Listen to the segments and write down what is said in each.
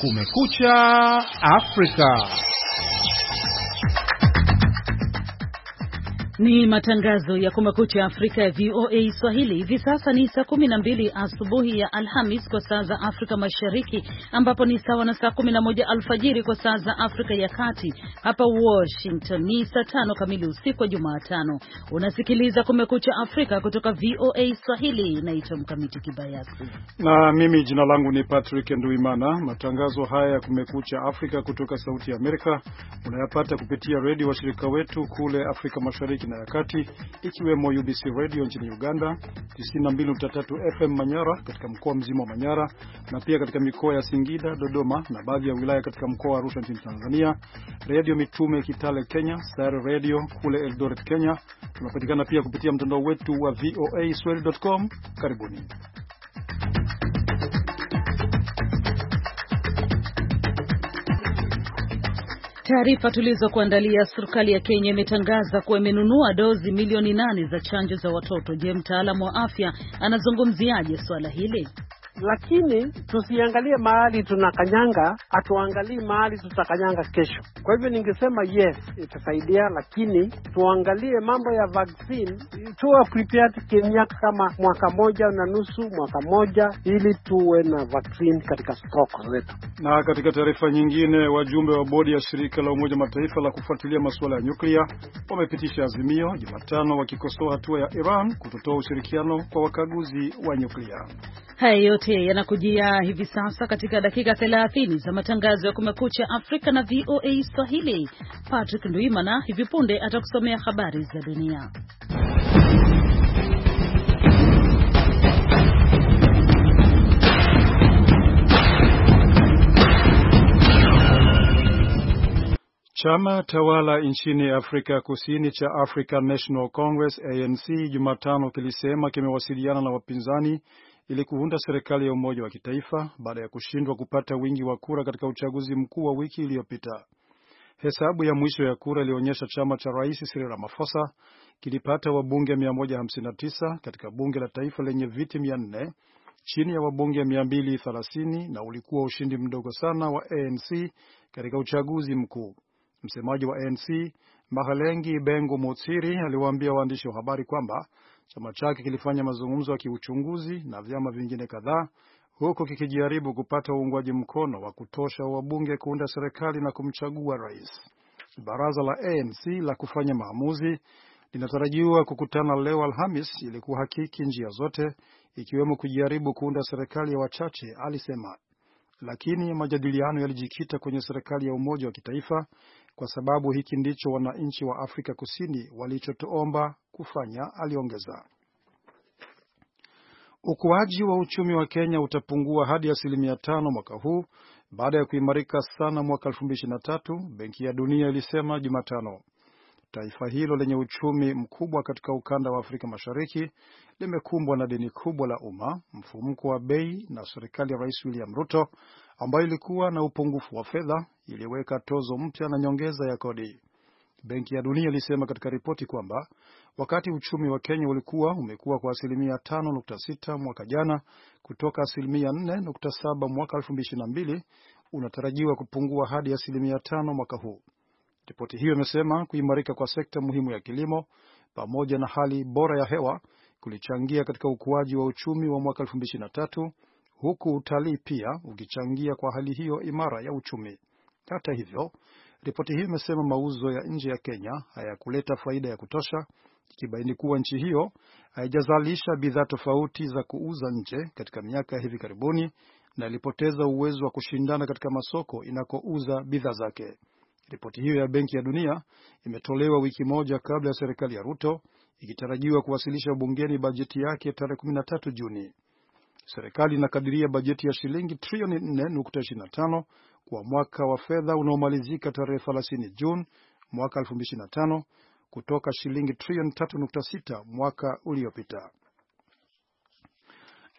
Kumekucha Afrika. Ni matangazo ya Kumekucha Afrika ya VOA Swahili. Hivi sasa ni saa 12 asubuhi ya Alhamis kwa saa za Afrika Mashariki, ambapo ni sawa na saa 11 alfajiri kwa saa za Afrika ya Kati. Hapa Washington ni saa tano kamili usiku wa Jumatano. Unasikiliza Kumekucha Afrika kutoka VOA Swahili. Naitwa Mkamiti Kibayasi na mimi jina langu ni Patrick Nduimana. Matangazo haya ya Kumekucha Afrika kutoka Sauti ya Amerika unayapata kupitia redio washirika wetu kule Afrika Mashariki na ya kati ikiwemo UBC Radio nchini Uganda, 92.3 FM Manyara katika mkoa mzima wa Manyara na pia katika mikoa ya Singida, Dodoma na baadhi ya wilaya katika mkoa wa Arusha nchini Tanzania, Radio Mitume Kitale Kenya, Star Radio kule Eldoret Kenya. Tunapatikana pia kupitia mtandao wetu wa voaswahili.com. Karibuni. Taarifa tulizokuandalia, serikali ya Kenya imetangaza kuwa imenunua dozi milioni nane za chanjo za watoto. Je, mtaalamu wa afya anazungumziaje suala hili? lakini tusiangalie mahali tunakanyanga, hatuangalii mahali tutakanyanga kesho. Kwa hivyo ningesema yes, itasaidia, lakini tuangalie mambo ya vaccine, tuwe prepared kimiaka kama mwaka moja na nusu, mwaka moja, ili tuwe na vaccine katika stock zetu. Na katika taarifa nyingine, wajumbe wa bodi ya shirika la Umoja Mataifa la kufuatilia masuala ya nyuklia wamepitisha azimio Jumatano wakikosoa hatua ya Iran kutotoa ushirikiano kwa wakaguzi wa nyuklia. Hayo yote yake yanakujia hivi sasa katika dakika 30 za matangazo ya Kumekucha Afrika na VOA Swahili. Patrick nduimana hivi punde atakusomea habari za dunia. Chama tawala nchini Afrika Kusini cha African National Congress ANC Jumatano kilisema kimewasiliana na wapinzani ili kuunda serikali ya umoja wa kitaifa baada ya kushindwa kupata wingi wa kura katika uchaguzi mkuu wa wiki iliyopita. Hesabu ya mwisho ya kura ilionyesha chama cha rais Cyril Ramaphosa kilipata wabunge 159 katika bunge la taifa lenye viti 400 chini ya wabunge 230 na ulikuwa ushindi mdogo sana wa ANC katika uchaguzi mkuu. Msemaji wa ANC Mahalengi bengu Motsiri aliwaambia waandishi wa habari kwamba Chama chake kilifanya mazungumzo ya kiuchunguzi na vyama vingine kadhaa huku kikijaribu kupata uungwaji mkono wa kutosha wa wabunge kuunda serikali na kumchagua rais. Baraza la ANC la kufanya maamuzi linatarajiwa kukutana leo Alhamis ili kuhakiki njia zote ikiwemo kujaribu kuunda serikali ya wachache, alisema. Lakini majadiliano yalijikita kwenye serikali ya umoja wa kitaifa kwa sababu hiki ndicho wananchi wa Afrika Kusini walichotuomba kufanya, aliongeza. Ukuaji wa uchumi wa Kenya utapungua hadi asilimia tano mwaka huu baada ya kuimarika sana mwaka 2023, Benki ya Dunia ilisema Jumatano. Taifa hilo lenye uchumi mkubwa katika ukanda wa Afrika Mashariki limekumbwa na deni kubwa la umma, mfumuko wa bei na serikali ya Rais William Ruto ambayo ilikuwa na upungufu wa fedha iliweka tozo mpya na nyongeza ya kodi. Benki ya Dunia ilisema katika ripoti kwamba wakati uchumi wa Kenya ulikuwa umekuwa kwa asilimia 5.6 mwaka jana kutoka asilimia 4.7 mwaka 2022, unatarajiwa kupungua hadi asilimia 5 mwaka huu. Ripoti hiyo imesema kuimarika kwa sekta muhimu ya kilimo pamoja na hali bora ya hewa kulichangia katika ukuaji wa uchumi wa mwaka huku utalii pia ukichangia kwa hali hiyo imara ya uchumi. Hata hivyo, ripoti hiyo imesema mauzo ya nje ya Kenya hayakuleta faida ya kutosha, ikibaini kuwa nchi hiyo haijazalisha bidhaa tofauti za kuuza nje katika miaka ya hivi karibuni na ilipoteza uwezo wa kushindana katika masoko inakouza bidhaa zake. Ripoti hiyo ya Benki ya Dunia imetolewa wiki moja kabla ya serikali ya Ruto ikitarajiwa kuwasilisha bungeni bajeti yake tarehe 13 Juni. Serikali inakadiria bajeti ya shilingi trilioni 4.25 kwa mwaka wa fedha unaomalizika tarehe 30 Juni mwaka 2025 kutoka shilingi trilioni 3.6 mwaka uliopita.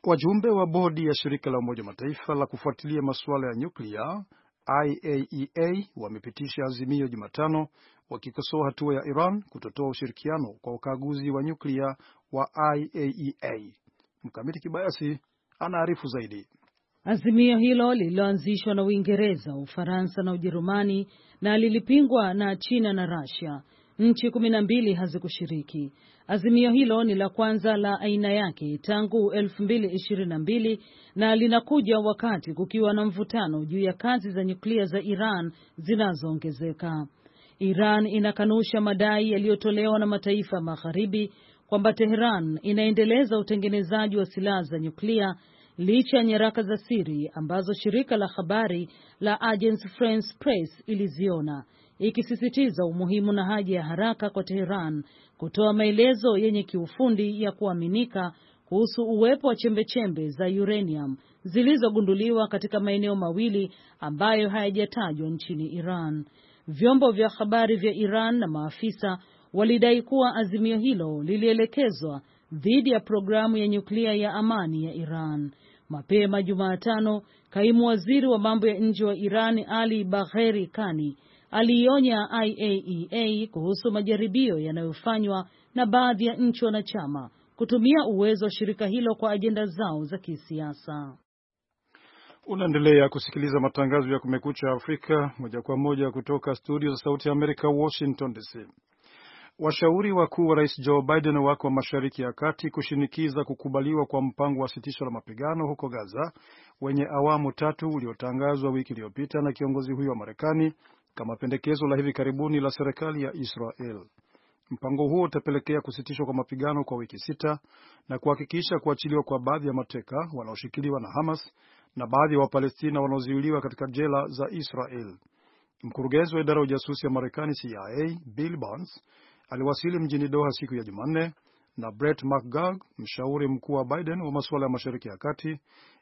Wajumbe wa bodi ya shirika la Umoja Mataifa la kufuatilia masuala ya nyuklia IAEA e wamepitisha azimio Jumatano wakikosoa hatua ya Iran kutotoa ushirikiano kwa ukaguzi wa nyuklia wa IAEA. E Mkamiti Kibayasi anaarifu zaidi. Azimio hilo lililoanzishwa na Uingereza, Ufaransa na Ujerumani na lilipingwa na China na Russia. Nchi kumi na mbili hazikushiriki. Azimio hilo ni la kwanza la aina yake tangu 2022 na linakuja wakati kukiwa na mvutano juu ya kazi za nyuklia za Iran zinazoongezeka. Iran inakanusha madai yaliyotolewa na mataifa magharibi kwamba Teheran inaendeleza utengenezaji wa silaha za nyuklia licha ya nyaraka za siri ambazo shirika la habari la Agence France Presse iliziona, ikisisitiza umuhimu na haja ya haraka kwa Teheran kutoa maelezo yenye kiufundi ya kuaminika kuhusu uwepo wa chembechembe za uranium zilizogunduliwa katika maeneo mawili ambayo hayajatajwa nchini Iran. Vyombo vya habari vya Iran na maafisa walidai kuwa azimio hilo lilielekezwa dhidi ya programu ya nyuklia ya amani ya Iran. Mapema Jumatano, kaimu waziri wa mambo ya nje wa Iran Ali Bagheri Kani aliionya IAEA e kuhusu majaribio yanayofanywa na baadhi ya nchi wanachama kutumia uwezo wa shirika hilo kwa ajenda zao za kisiasa. Unaendelea kusikiliza matangazo ya Kumekucha Afrika moja kwa moja kutoka studio za Sauti ya Amerika, Washington DC. Washauri wakuu wa rais Joe Biden wako mashariki ya kati kushinikiza kukubaliwa kwa mpango wa sitisho la mapigano huko Gaza wenye awamu tatu uliotangazwa wiki iliyopita na kiongozi huyo wa Marekani kama pendekezo la hivi karibuni la serikali ya Israel. Mpango huo utapelekea kusitishwa kwa mapigano kwa wiki sita na kuhakikisha kuachiliwa kwa baadhi ya mateka wanaoshikiliwa na Hamas na baadhi ya Wapalestina wanaozuiliwa katika jela za Israel. Mkurugenzi wa idara ya ujasusi ya Marekani CIA Bill Burns aliwasili mjini Doha siku ya Jumanne na Brett McGurk, mshauri mkuu wa Biden wa masuala ya Mashariki ya Kati,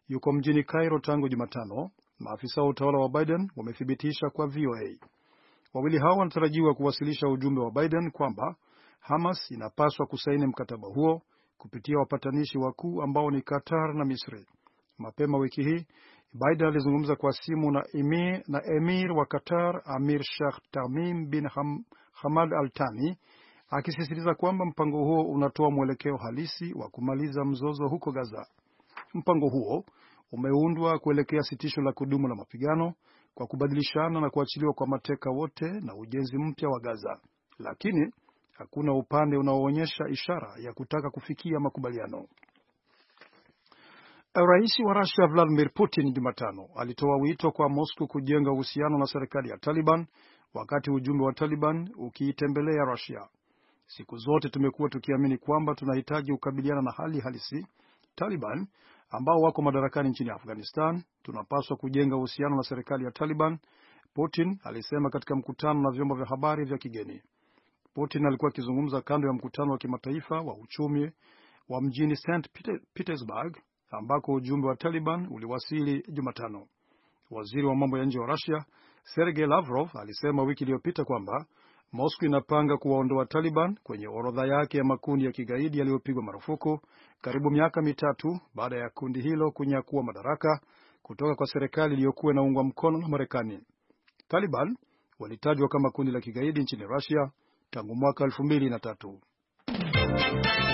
yuko mjini Cairo tangu Jumatano, maafisa wa utawala wa Biden wamethibitisha kwa VOA. Wawili hao wanatarajiwa kuwasilisha ujumbe wa Biden kwamba Hamas inapaswa kusaini mkataba huo kupitia wapatanishi wakuu ambao ni Qatar na Misri. Mapema wiki hii Biden alizungumza kwa simu na emir, na emir wa Qatar Amir Sheikh Tamim bin Hamad Al Thani akisisitiza kwamba mpango huo unatoa mwelekeo halisi wa kumaliza mzozo huko Gaza. Mpango huo umeundwa kuelekea sitisho la kudumu la mapigano kwa kubadilishana na kuachiliwa kwa mateka wote na ujenzi mpya wa Gaza, lakini hakuna upande unaoonyesha ishara ya kutaka kufikia makubaliano. Rais wa Rusia Vladimir Putin Jumatano alitoa wito kwa Moscow kujenga uhusiano na serikali ya Taliban wakati ujumbe wa Taliban ukiitembelea Rusia. Siku zote tumekuwa tukiamini kwamba tunahitaji kukabiliana na hali halisi Taliban ambao wako madarakani nchini Afghanistan. Tunapaswa kujenga uhusiano na serikali ya Taliban, Putin alisema katika mkutano na vyombo vya habari vya kigeni. Putin alikuwa akizungumza kando ya mkutano wa kimataifa wa uchumi wa mjini St Petersburg ambako ujumbe wa Taliban uliwasili Jumatano. Waziri wa mambo ya nje wa Russia Sergei Lavrov alisema wiki iliyopita kwamba Moscow inapanga kuwaondoa Taliban kwenye orodha yake ya makundi ya kigaidi yaliyopigwa marufuku karibu miaka mitatu baada ya kundi hilo kunyakua madaraka kutoka kwa serikali iliyokuwa inaungwa mkono na Marekani. Taliban walitajwa kama kundi la kigaidi nchini Russia tangu mwaka 2003.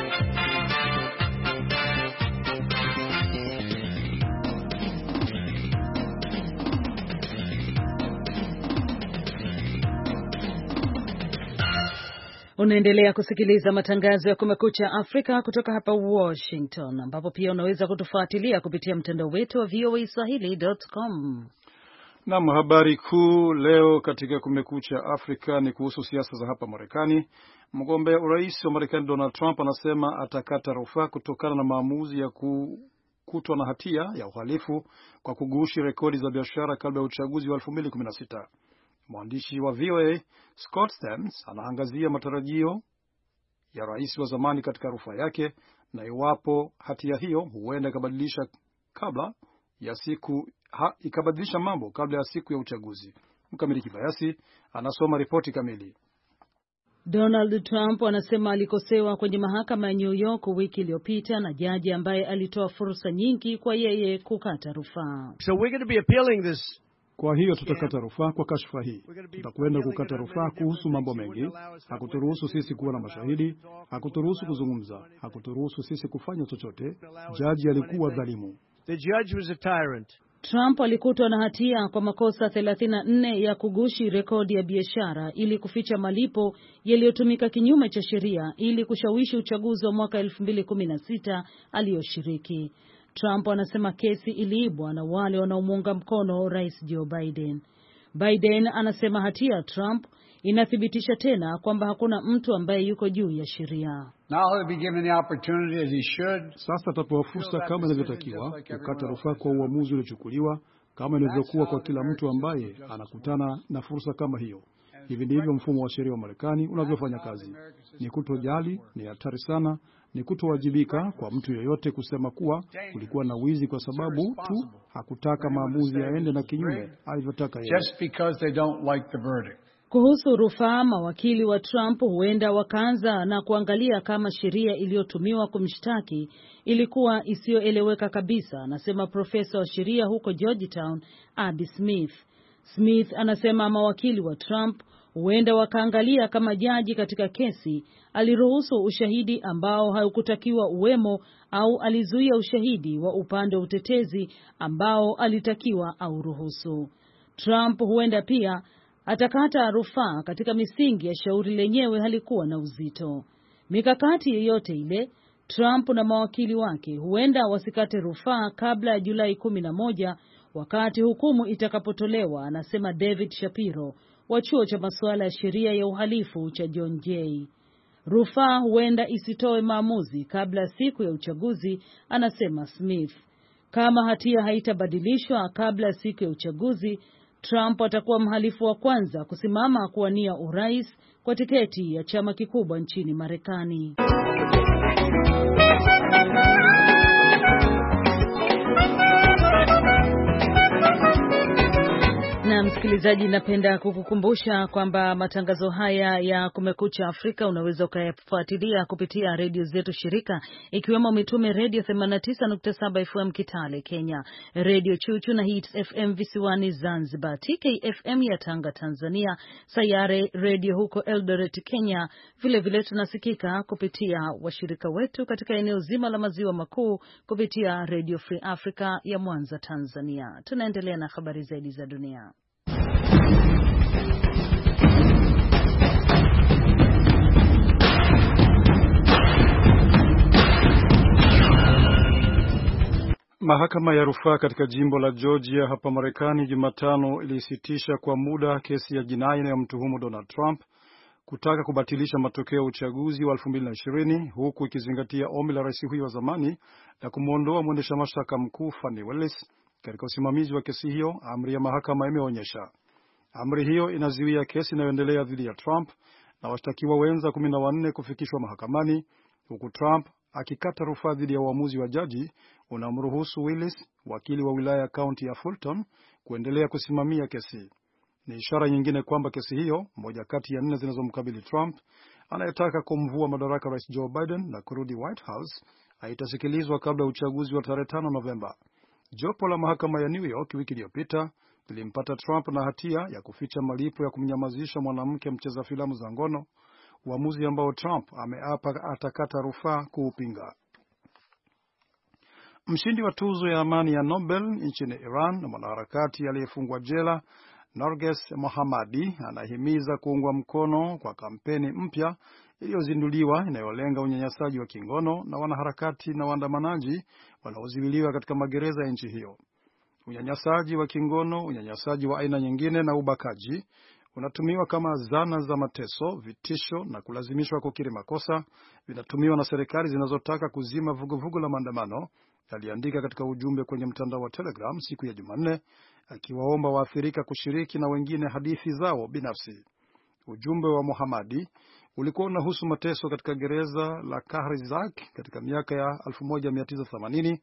Unaendelea kusikiliza matangazo ya Kumekucha Afrika kutoka hapa Washington, ambapo pia unaweza kutufuatilia kupitia mtandao wetu wa VOA Swahili.com. Nam, habari kuu leo katika Kumekucha Afrika ni kuhusu siasa za hapa Marekani. Mgombea urais wa Marekani Donald Trump anasema atakata rufaa kutokana na maamuzi ya kukutwa na hatia ya uhalifu kwa kugushi rekodi za biashara kabla ya uchaguzi wa Mwandishi wa VOA Scott Stems anaangazia matarajio ya rais wa zamani katika rufaa yake na iwapo hatia hiyo huenda ikabadilisha kabla ya siku ha, ikabadilisha mambo kabla ya siku ya uchaguzi. Mkamili Kibayasi anasoma ripoti kamili. Donald Trump anasema alikosewa kwenye mahakama ya New York wiki iliyopita na jaji ambaye alitoa fursa nyingi kwa yeye kukata rufaa. So we're going to be appealing this kwa hiyo tutakata rufaa kwa kashfa hii. Tutakwenda kukata rufaa kuhusu mambo mengi. Hakuturuhusu sisi kuwa na mashahidi, hakuturuhusu kuzungumza, hakuturuhusu sisi kufanya chochote. Jaji alikuwa dhalimu. Trump alikutwa na hatia kwa makosa 34 ya kugushi rekodi ya biashara ili kuficha malipo yaliyotumika kinyume cha sheria ili kushawishi uchaguzi wa mwaka 2016 aliyoshiriki. Trump anasema kesi iliibwa na wale wanaomuunga mkono Rais Joe Biden. Biden anasema hatia ya Trump inathibitisha tena kwamba hakuna mtu ambaye yuko juu ya sheria. Sasa atapewa fursa kama inavyotakiwa kukata rufaa kwa uamuzi uliochukuliwa, kama inavyokuwa kwa kila mtu ambaye anakutana na fursa kama hiyo. Hivi ndivyo mfumo wa sheria wa Marekani unavyofanya kazi. Ni kutojali, ni hatari sana, ni kutowajibika kwa mtu yeyote kusema kuwa kulikuwa na wizi kwa sababu tu hakutaka maamuzi yaende na kinyume alivyotaka yeye. Kuhusu rufaa, mawakili wa Trump huenda wakaanza na kuangalia kama sheria iliyotumiwa kumshtaki ilikuwa isiyoeleweka kabisa, anasema profesa wa sheria huko Georgetown, Abby Smith. Smith anasema mawakili wa Trump huenda wakaangalia kama jaji katika kesi aliruhusu ushahidi ambao haukutakiwa uwemo au alizuia ushahidi wa upande wa utetezi ambao alitakiwa auruhusu. Trump huenda pia atakata rufaa katika misingi ya shauri lenyewe halikuwa na uzito. Mikakati yoyote ile, Trump na mawakili wake huenda wasikate rufaa kabla ya Julai kumi na moja wakati hukumu itakapotolewa, anasema David Shapiro wa chuo cha masuala ya sheria ya uhalifu cha John Jay. Rufaa huenda isitoe maamuzi kabla siku ya uchaguzi, anasema Smith. Kama hatia haitabadilishwa kabla ya siku ya uchaguzi, Trump atakuwa mhalifu wa kwanza kusimama kuwania urais kwa tiketi ya chama kikubwa nchini Marekani. msikilizaji, napenda kukukumbusha kwamba matangazo haya ya Kumekucha Afrika unaweza ukayafuatilia kupitia redio zetu shirika, ikiwemo Mitume Redio 89.7 FM Kitale Kenya, Redio Chuchu na Hits FM visiwani Zanzibar, TKFM ya Tanga Tanzania, Sayare Redio huko Eldoret Kenya. Vilevile vile tunasikika kupitia washirika wetu katika eneo zima la maziwa makuu kupitia Redio Free Africa ya Mwanza Tanzania. Tunaendelea na habari zaidi za dunia. Mahakama ya rufaa katika jimbo la Georgia hapa Marekani Jumatano ilisitisha kwa muda kesi ya jinai inayomtuhumu Donald Trump kutaka kubatilisha matokeo ya uchaguzi wa 2020 huku ikizingatia ombi la rais huyo wa zamani la kumwondoa mwendesha mashtaka mkuu Fani Willis katika usimamizi wa kesi hiyo, amri ya mahakama imeonyesha. Amri hiyo inazuia kesi inayoendelea dhidi ya Trump na washtakiwa wenza 14 kufikishwa mahakamani huku Trump akikata rufaa dhidi ya uamuzi wa jaji unamruhusu Willis, wakili wa wilaya ya kaunti ya Fulton, kuendelea kusimamia kesi. Ni ishara nyingine kwamba kesi hiyo, moja kati ya nne zinazomkabili Trump anayetaka kumvua madaraka rais Joe Biden na kurudi White House, haitasikilizwa kabla ya uchaguzi wa tarehe 5 Novemba. Jopo la mahakama ya New York wiki iliyopita lilimpata Trump na hatia ya kuficha malipo ya kumnyamazisha mwanamke mcheza filamu za ngono uamuzi ambao Trump ameapa atakata rufaa kuupinga. Mshindi wa tuzo ya amani ya Nobel nchini Iran na mwanaharakati aliyefungwa jela norges Mohammadi anahimiza kuungwa mkono kwa kampeni mpya iliyozinduliwa inayolenga unyanyasaji wa kingono na wanaharakati na waandamanaji wanaozuiliwa katika magereza ya nchi hiyo. Unyanyasaji wa kingono, unyanyasaji wa aina nyingine na ubakaji unatumiwa kama zana za mateso, vitisho na kulazimishwa kukiri makosa, vinatumiwa na serikali zinazotaka kuzima vuguvugu la maandamano, aliandika katika ujumbe kwenye mtandao wa Telegram siku ya Jumanne, akiwaomba waathirika kushiriki na wengine hadithi zao binafsi. Ujumbe wa muhamadi ulikuwa unahusu mateso katika gereza la Kahrizak katika miaka ya 1980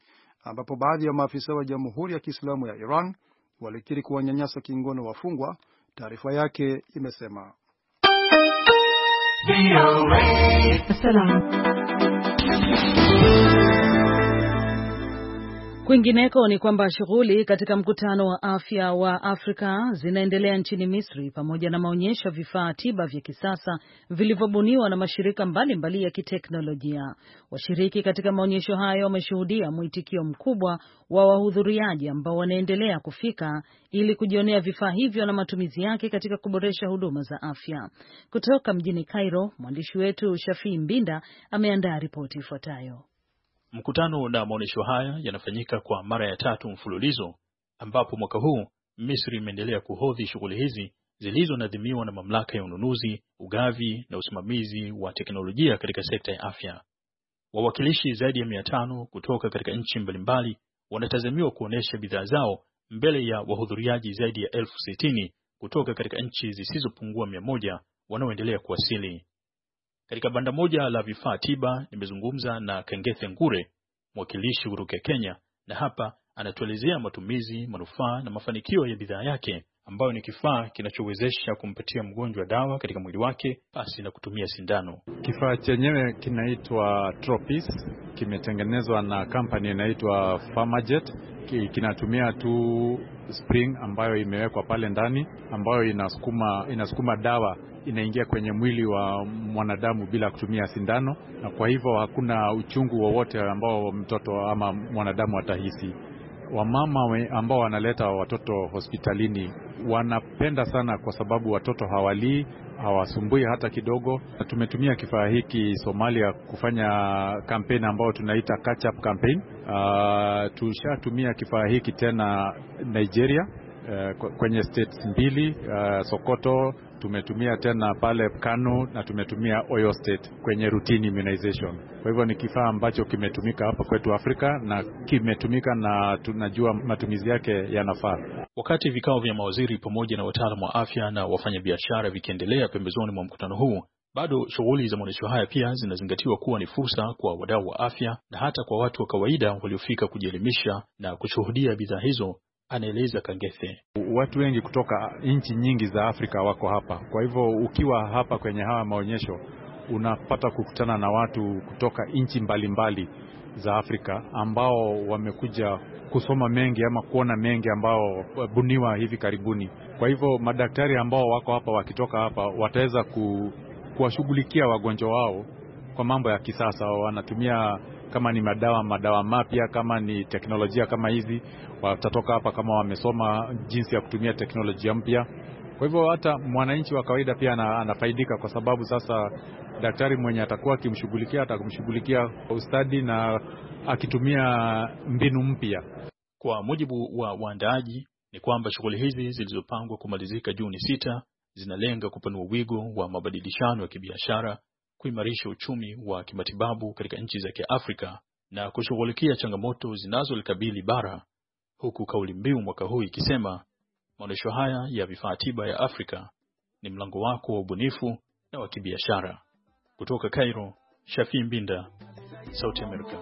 ambapo baadhi ya maafisa wa Jamhuri ya Kiislamu ya Iran walikiri kuwanyanyasa kingono wafungwa Taarifa yake imesema Salam. Kwingineko ni kwamba shughuli katika mkutano wa afya wa Afrika zinaendelea nchini Misri pamoja na maonyesho ya vifaa tiba vya kisasa vilivyobuniwa na mashirika mbalimbali mbali ya kiteknolojia. Washiriki katika maonyesho hayo wameshuhudia mwitikio mkubwa wa wahudhuriaji ambao wanaendelea kufika ili kujionea vifaa hivyo na matumizi yake katika kuboresha huduma za afya. Kutoka mjini Cairo, mwandishi wetu Shafii Mbinda ameandaa ripoti ifuatayo. Mkutano na maonyesho haya yanafanyika kwa mara ya tatu mfululizo, ambapo mwaka huu Misri imeendelea kuhodhi shughuli hizi zilizonadhimiwa na mamlaka ya ununuzi, ugavi na usimamizi wa teknolojia katika sekta ya afya. Wawakilishi zaidi ya mia tano kutoka katika nchi mbalimbali wanatazamiwa kuonesha bidhaa zao mbele ya wahudhuriaji zaidi ya elfu sitini kutoka katika nchi zisizopungua mia moja wanaoendelea kuwasili. Katika banda moja la vifaa tiba nimezungumza na Kengethe Ngure, mwakilishi kutoka Kenya, na hapa anatuelezea matumizi, manufaa na mafanikio ya bidhaa yake ambayo ni kifaa kinachowezesha kumpatia mgonjwa dawa katika mwili wake pasi na kutumia sindano. Kifaa chenyewe kinaitwa Tropis, kimetengenezwa na kampani inaitwa Pharmajet. Kinatumia tu spring ambayo imewekwa pale ndani, ambayo inasukuma inasukuma dawa inaingia kwenye mwili wa mwanadamu bila kutumia sindano, na kwa hivyo hakuna uchungu wowote ambao mtoto ama mwanadamu atahisi wamama ambao wanaleta watoto hospitalini wanapenda sana, kwa sababu watoto hawalii, hawasumbui hata kidogo. Tumetumia kifaa hiki Somalia kufanya kampeni ambayo tunaita catch up campaign. Uh, tushatumia kifaa hiki tena Nigeria Eh, kwenye states mbili uh, Sokoto tumetumia tena pale Kano na tumetumia Oyo State kwenye routine immunization. Kwa hivyo ni kifaa ambacho kimetumika hapa kwetu Afrika na kimetumika na tunajua matumizi yake yanafaa. Wakati vikao vya mawaziri pamoja na wataalamu wa afya na wafanyabiashara vikiendelea pembezoni mwa mkutano huu, bado shughuli za maonyesho haya pia zinazingatiwa kuwa ni fursa kwa wadau wa afya na hata kwa watu wa kawaida waliofika kujielimisha na kushuhudia bidhaa hizo anaeleza Kangethe. Watu wengi kutoka nchi nyingi za Afrika wako hapa, kwa hivyo ukiwa hapa kwenye haya maonyesho unapata kukutana na watu kutoka nchi mbalimbali za Afrika ambao wamekuja kusoma mengi ama kuona mengi ambao buniwa hivi karibuni. Kwa hivyo madaktari ambao wako hapa wakitoka hapa wataweza ku, kuwashughulikia wagonjwa wao kwa mambo ya kisasa. Wanatumia kama ni madawa madawa mapya, kama ni teknolojia kama hizi, watatoka hapa kama wamesoma jinsi ya kutumia teknolojia mpya. Kwa hivyo hata mwananchi wa kawaida pia anafaidika, kwa sababu sasa daktari mwenye atakuwa akimshughulikia atakumshughulikia kwa ustadi na akitumia mbinu mpya. Kwa mujibu wa waandaaji, ni kwamba shughuli hizi zilizopangwa kumalizika Juni sita zinalenga kupanua wigo wa mabadilishano ya kibiashara kuimarisha uchumi wa kimatibabu katika nchi za Kiafrika na kushughulikia changamoto zinazolikabili bara, huku kauli mbiu mwaka huu ikisema maonyesho haya ya vifaa tiba ya Afrika ni mlango wako wa ubunifu na wa kibiashara. Kutoka Cairo, Shafi Mbinda, Sauti Amerika.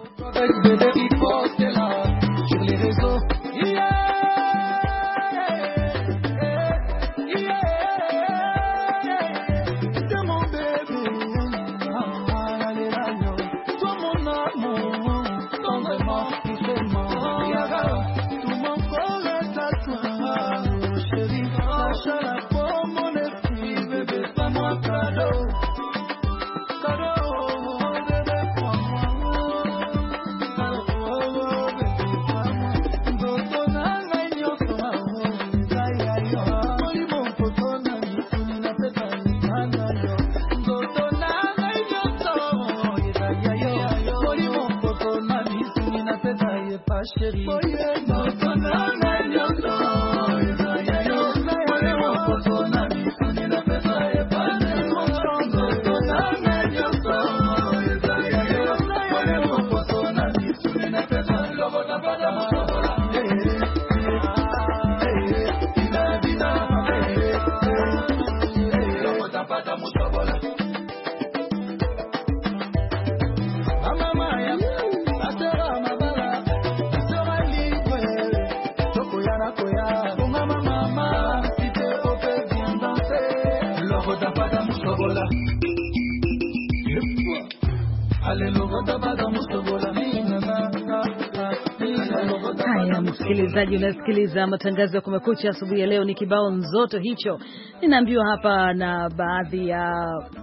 Haya, msikilizaji, unasikiliza matangazo ya Kumekucha asubuhi ya leo. Ni kibao nzoto hicho, ninaambiwa hapa na baadhi ya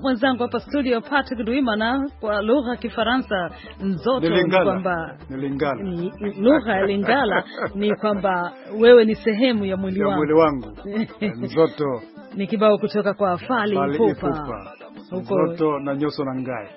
mwenzangu hapa studio, Patrick Duimana, kwa lugha ya Kifaransa. nzoto ni kwamba lugha ya Lingala ni kwamba wewe ni sehemu ya mwili wangu, ni kibao kutoka kwa Fali Ipupa mtoto na nyoso na ngae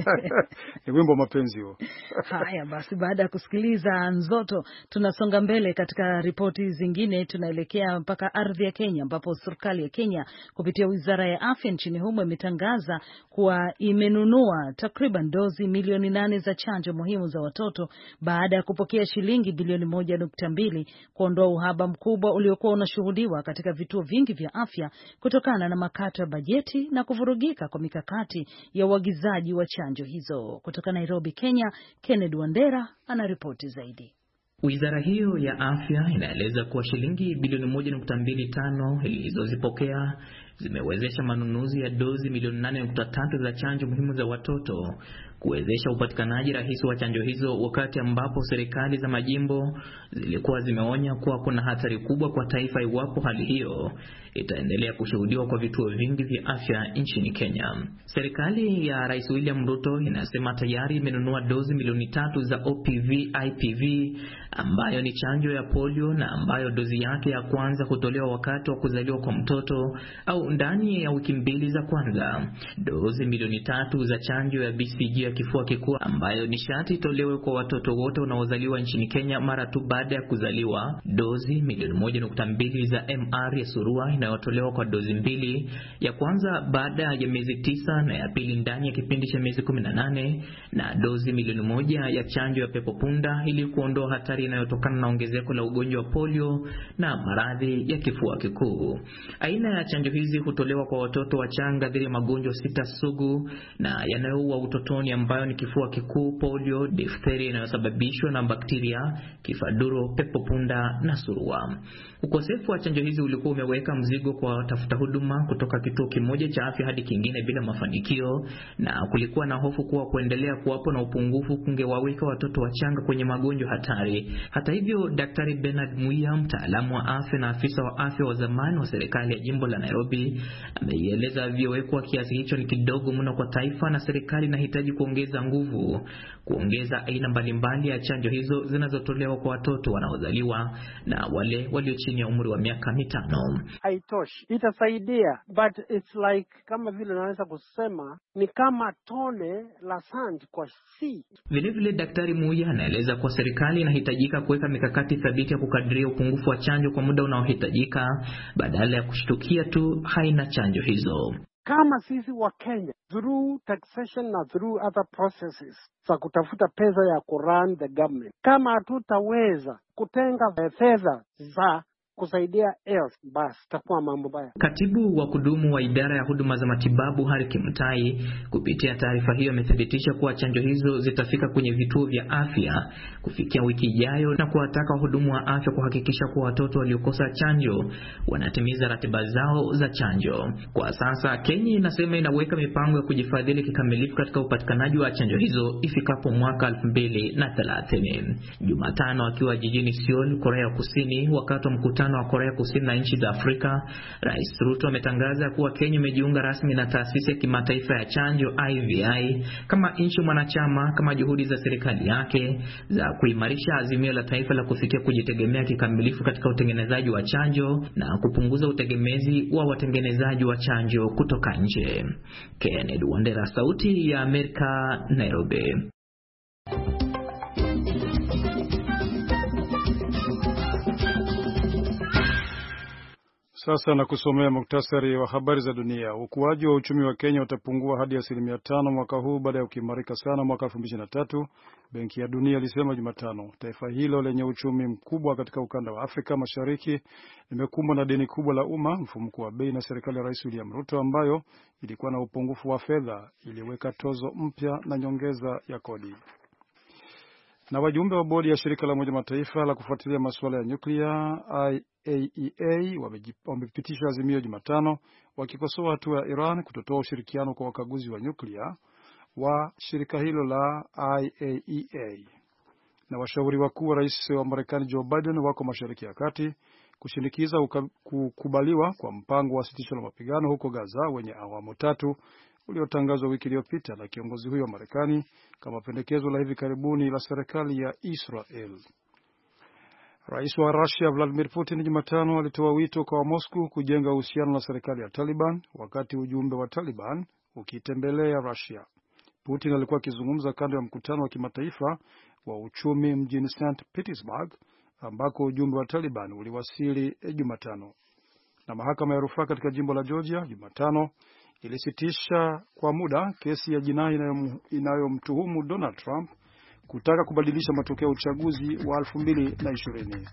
ni wimbo wa mapenzi huo. Haya basi, baada ya kusikiliza Nzoto, tunasonga mbele katika ripoti zingine. Tunaelekea mpaka ardhi ya Kenya, ambapo serikali ya Kenya kupitia wizara ya afya nchini humo imetangaza kuwa imenunua takriban dozi milioni nane za chanjo muhimu za watoto baada ya kupokea shilingi bilioni moja nukta mbili kuondoa uhaba mkubwa uliokuwa unashuhudiwa katika vituo vingi vya afya kutokana na makato ya bajeti na kuvurugika kuongezeka kwa mikakati ya uagizaji wa chanjo hizo. Kutoka Nairobi, Kenya, Kenneth Wandera ripoti zaidi. Wizara hiyo ya afya inaeleza kuwa shilingi bilioni 1.25 ilizozipokea zimewezesha manunuzi ya dozi milioni 8.3 za chanjo muhimu za watoto, kuwezesha upatikanaji rahisi wa chanjo hizo, wakati ambapo serikali za majimbo zilikuwa zimeonya kuwa kuna hatari kubwa kwa taifa iwapo hali hiyo itaendelea kushuhudiwa kwa vituo vingi vya afya nchini Kenya. Serikali ya Rais William Ruto inasema tayari imenunua dozi milioni tatu za OPV IPV, ambayo ni chanjo ya polio na ambayo dozi yake ya kwanza hutolewa wakati wa kuzaliwa kwa mtoto au ndani ya wiki mbili za kwanza. Dozi milioni tatu za chanjo ya BCG ya kifua kikuu, ambayo ni sharti itolewe kwa watoto wote wanaozaliwa nchini Kenya mara tu baada ya kuzaliwa. Dozi milioni moja nukta mbili za MR ya surua inayotolewa kwa dozi mbili ya kwanza baada ya miezi tisa na ya pili ndani ya kipindi cha miezi 18 na dozi milioni moja ya chanjo ya pepo punda ili kuondoa hatari inayotokana na ongezeko la ugonjwa wa polio na maradhi ya kifua kikuu. Aina ya chanjo hizi hutolewa kwa watoto wachanga dhidi ya magonjwa sita sugu na yanayoua utotoni ambayo ni kifua kikuu, polio, diphtheria inayosababishwa na bakteria, kifaduro, pepo punda na surua. Ukosefu wa chanjo hizi ulikuwa umeweka mzigo mzigo kwa watafuta huduma kutoka kituo kimoja cha afya hadi kingine bila mafanikio, na kulikuwa na hofu kuwa kuendelea kuwapo na upungufu kungewaweka watoto wachanga kwenye magonjwa hatari. Hata hivyo, Daktari Bernard Muya, mtaalamu wa afya na afisa wa afya wa zamani wa serikali ya jimbo la Nairobi, ameieleza VOA kuwa kiasi hicho ni kidogo mno kwa taifa na serikali inahitaji kuongeza nguvu, kuongeza aina mbalimbali ya chanjo hizo zinazotolewa kwa watoto wanaozaliwa na wale walio chini ya umri wa miaka mitano. I haitoshi, itasaidia but it's like kama vile unaweza kusema ni kama tone la sand kwa sea. Vilevile Daktari Muya anaeleza kuwa serikali inahitajika kuweka mikakati thabiti ya kukadiria upungufu wa chanjo kwa muda unaohitajika badala ya kushtukia tu haina chanjo hizo. Kama sisi wa Kenya through taxation na through other processes za kutafuta pesa ya kuran the government, kama hatutaweza kutenga fedha za kusaidia else basi takuwa mambo baya. Katibu wa kudumu wa idara ya huduma za matibabu hari kimtai kupitia taarifa hiyo amethibitisha kuwa chanjo hizo zitafika kwenye vituo vya afya kufikia wiki ijayo na kuwataka wahudumu wa afya kuhakikisha kuwa watoto waliokosa chanjo wanatimiza ratiba zao za chanjo. Kwa sasa Kenya inasema inaweka mipango ya kujifadhili kikamilifu katika upatikanaji wa chanjo hizo ifikapo mwaka 2030. Jumatano akiwa jijini Seoul, Korea Kusini, wakati wa mkutano wa Korea Kusini na nchi za Afrika, Rais Ruto ametangaza kuwa Kenya imejiunga rasmi na taasisi ya kimataifa ya chanjo IVI kama nchi mwanachama, kama juhudi za serikali yake za kuimarisha azimio la taifa la kufikia kujitegemea kikamilifu katika utengenezaji wa chanjo na kupunguza utegemezi wa watengenezaji wa chanjo kutoka nje. Kennedy Wandera, Sauti ya Amerika, Nairobi. Sasa na kusomea muktasari wa habari za dunia. Ukuaji wa uchumi wa Kenya utapungua hadi asilimia tano mwaka huu baada ya kuimarika sana mwaka elfu mbili ishirini na tatu, Benki ya Dunia ilisema Jumatano. Taifa hilo lenye uchumi mkubwa katika ukanda wa Afrika Mashariki limekumbwa na deni kubwa la umma, mfumko wa bei na serikali ya Rais William Ruto ambayo ilikuwa na upungufu wa fedha, iliweka tozo mpya na nyongeza ya kodi na wajumbe wa bodi ya shirika la Umoja Mataifa la kufuatilia masuala ya nyuklia IAEA e wamepitisha azimio Jumatano wakikosoa hatua ya Iran kutotoa ushirikiano kwa wakaguzi wa nyuklia wa shirika hilo la IAEA. E na washauri wakuu wa rais wa Marekani Joe Biden wako Mashariki ya Kati kushinikiza kukubaliwa kwa mpango wa sitisho la mapigano huko Gaza wenye awamu tatu uliotangazwa wiki iliyopita na kiongozi huyo wa Marekani kama pendekezo la hivi karibuni la serikali ya Israel. Rais wa Rusia Vladimir Putin Jumatano alitoa wito kwa Moscow kujenga uhusiano na serikali ya Taliban wakati ujumbe wa Taliban ukitembelea Rusia. Putin alikuwa akizungumza kando ya mkutano wa kimataifa wa uchumi mjini St Petersburg ambako ujumbe wa Taliban uliwasili Jumatano. Na mahakama ya rufaa katika jimbo la Georgia Jumatano ilisitisha kwa muda kesi ya jinai inayomtuhumu Donald Trump kutaka kubadilisha matokeo ya uchaguzi wa 2020.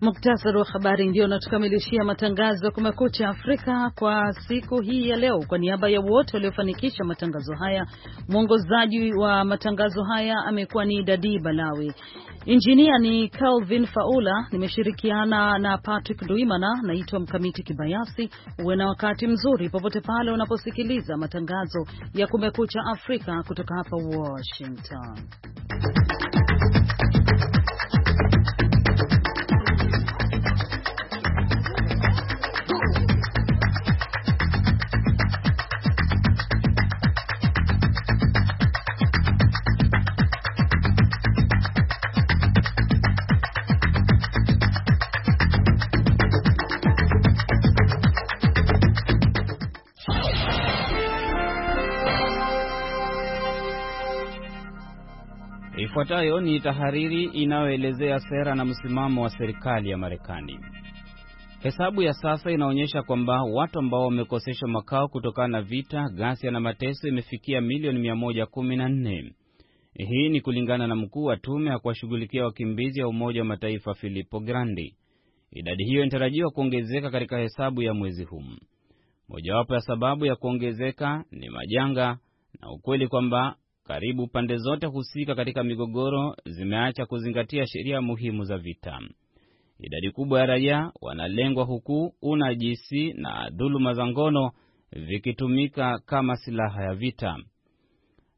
Muktasari wa habari ndio unatukamilishia matangazo ya Kumekucha Afrika kwa siku hii ya leo. Kwa niaba ya wote waliofanikisha matangazo haya, mwongozaji wa matangazo haya amekuwa ni Dadi Balawi, injinia ni Calvin Faula, nimeshirikiana na Patrick Duimana. Naitwa Mkamiti Kibayasi. Uwe na wakati mzuri popote pale unaposikiliza matangazo ya Kumekucha Afrika kutoka hapa Washington. Ifuatayo ni tahariri inayoelezea sera na msimamo wa serikali ya Marekani. Hesabu ya sasa inaonyesha kwamba watu ambao wamekoseshwa makao kutokana na vita, ghasia na mateso imefikia milioni 114. Hii ni kulingana na mkuu wa tume ya kuwashughulikia wakimbizi ya Umoja wa Mataifa Filippo Grandi. Idadi hiyo inatarajiwa kuongezeka katika hesabu ya mwezi huu. Mojawapo ya sababu ya kuongezeka ni majanga na ukweli kwamba karibu pande zote husika katika migogoro zimeacha kuzingatia sheria muhimu za vita. Idadi kubwa ya raia wanalengwa, huku unajisi na dhuluma za ngono vikitumika kama silaha ya vita.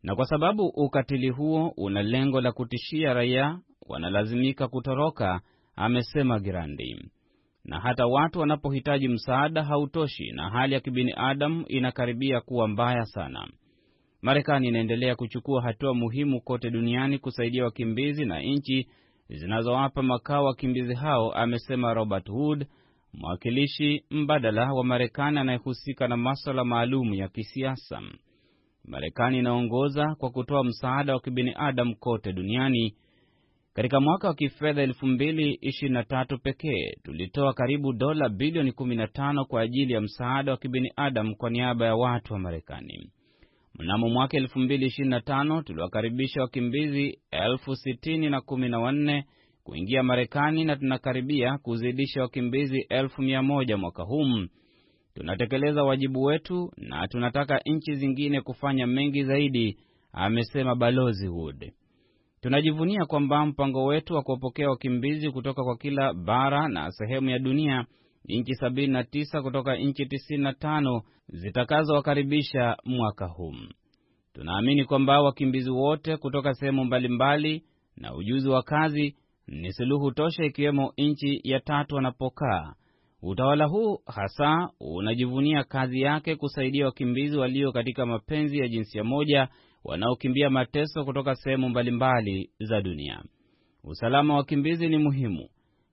Na kwa sababu ukatili huo una lengo la kutishia raia, wanalazimika kutoroka, amesema Girandi. Na hata watu wanapohitaji msaada hautoshi, na hali ya kibiniadamu inakaribia kuwa mbaya sana. Marekani inaendelea kuchukua hatua muhimu kote duniani kusaidia wakimbizi na nchi zinazowapa makao wakimbizi hao, amesema Robert Wood, mwakilishi mbadala wa Marekani anayehusika na maswala maalum ya kisiasa. Marekani inaongoza kwa kutoa msaada wa kibinadamu kote duniani. Katika mwaka wa kifedha 2023 pekee tulitoa karibu dola bilioni 15 kwa ajili ya msaada wa kibinadamu kwa niaba ya watu wa Marekani. Mnamo mwaka 2025 tuliwakaribisha wakimbizi elfu sitini na kumi na wanne kuingia Marekani na tunakaribia kuzidisha wakimbizi elfu mia moja mwaka huu. Tunatekeleza wajibu wetu na tunataka nchi zingine kufanya mengi zaidi, amesema Balozi Wood. Tunajivunia kwamba mpango wetu wa kuwapokea wakimbizi kutoka kwa kila bara na sehemu ya dunia nchi 79 kutoka nchi 95 zitakazowakaribisha mwaka huu. Tunaamini kwamba wakimbizi wote kutoka sehemu mbalimbali na ujuzi wa kazi ni suluhu tosha, ikiwemo nchi ya tatu wanapokaa. Utawala huu hasa unajivunia kazi yake kusaidia wakimbizi walio katika mapenzi ya jinsia moja wanaokimbia mateso kutoka sehemu mbalimbali za dunia. Usalama wa wakimbizi ni muhimu.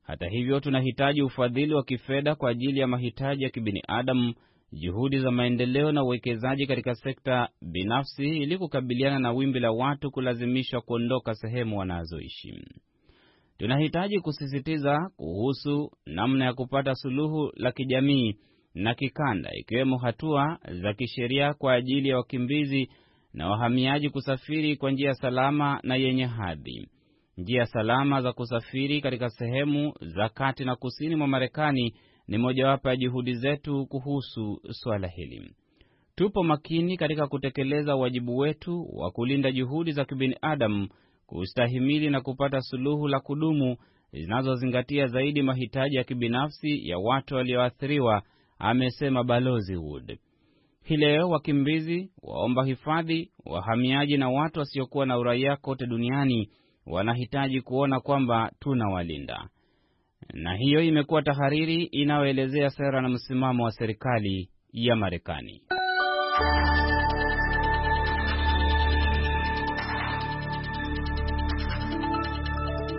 Hata hivyo, tunahitaji ufadhili wa kifedha kwa ajili ya mahitaji ya kibinadamu, juhudi za maendeleo na uwekezaji katika sekta binafsi ili kukabiliana na wimbi la watu kulazimishwa kuondoka sehemu wanazoishi. Tunahitaji kusisitiza kuhusu namna ya kupata suluhu la kijamii na kikanda, ikiwemo hatua za kisheria kwa ajili ya wakimbizi na wahamiaji kusafiri kwa njia salama na yenye hadhi. Njia salama za kusafiri katika sehemu za kati na kusini mwa Marekani ni mojawapo ya juhudi zetu kuhusu suala hili. Tupo makini katika kutekeleza wajibu wetu wa kulinda juhudi za kibinadamu, kustahimili na kupata suluhu la kudumu zinazozingatia zaidi mahitaji ya kibinafsi ya watu walioathiriwa, amesema Balozi Wood. Hii leo wakimbizi, waomba hifadhi, wahamiaji na watu wasiokuwa na uraia kote duniani wanahitaji kuona kwamba tunawalinda. Na hiyo imekuwa tahariri inayoelezea sera na msimamo wa serikali ya Marekani.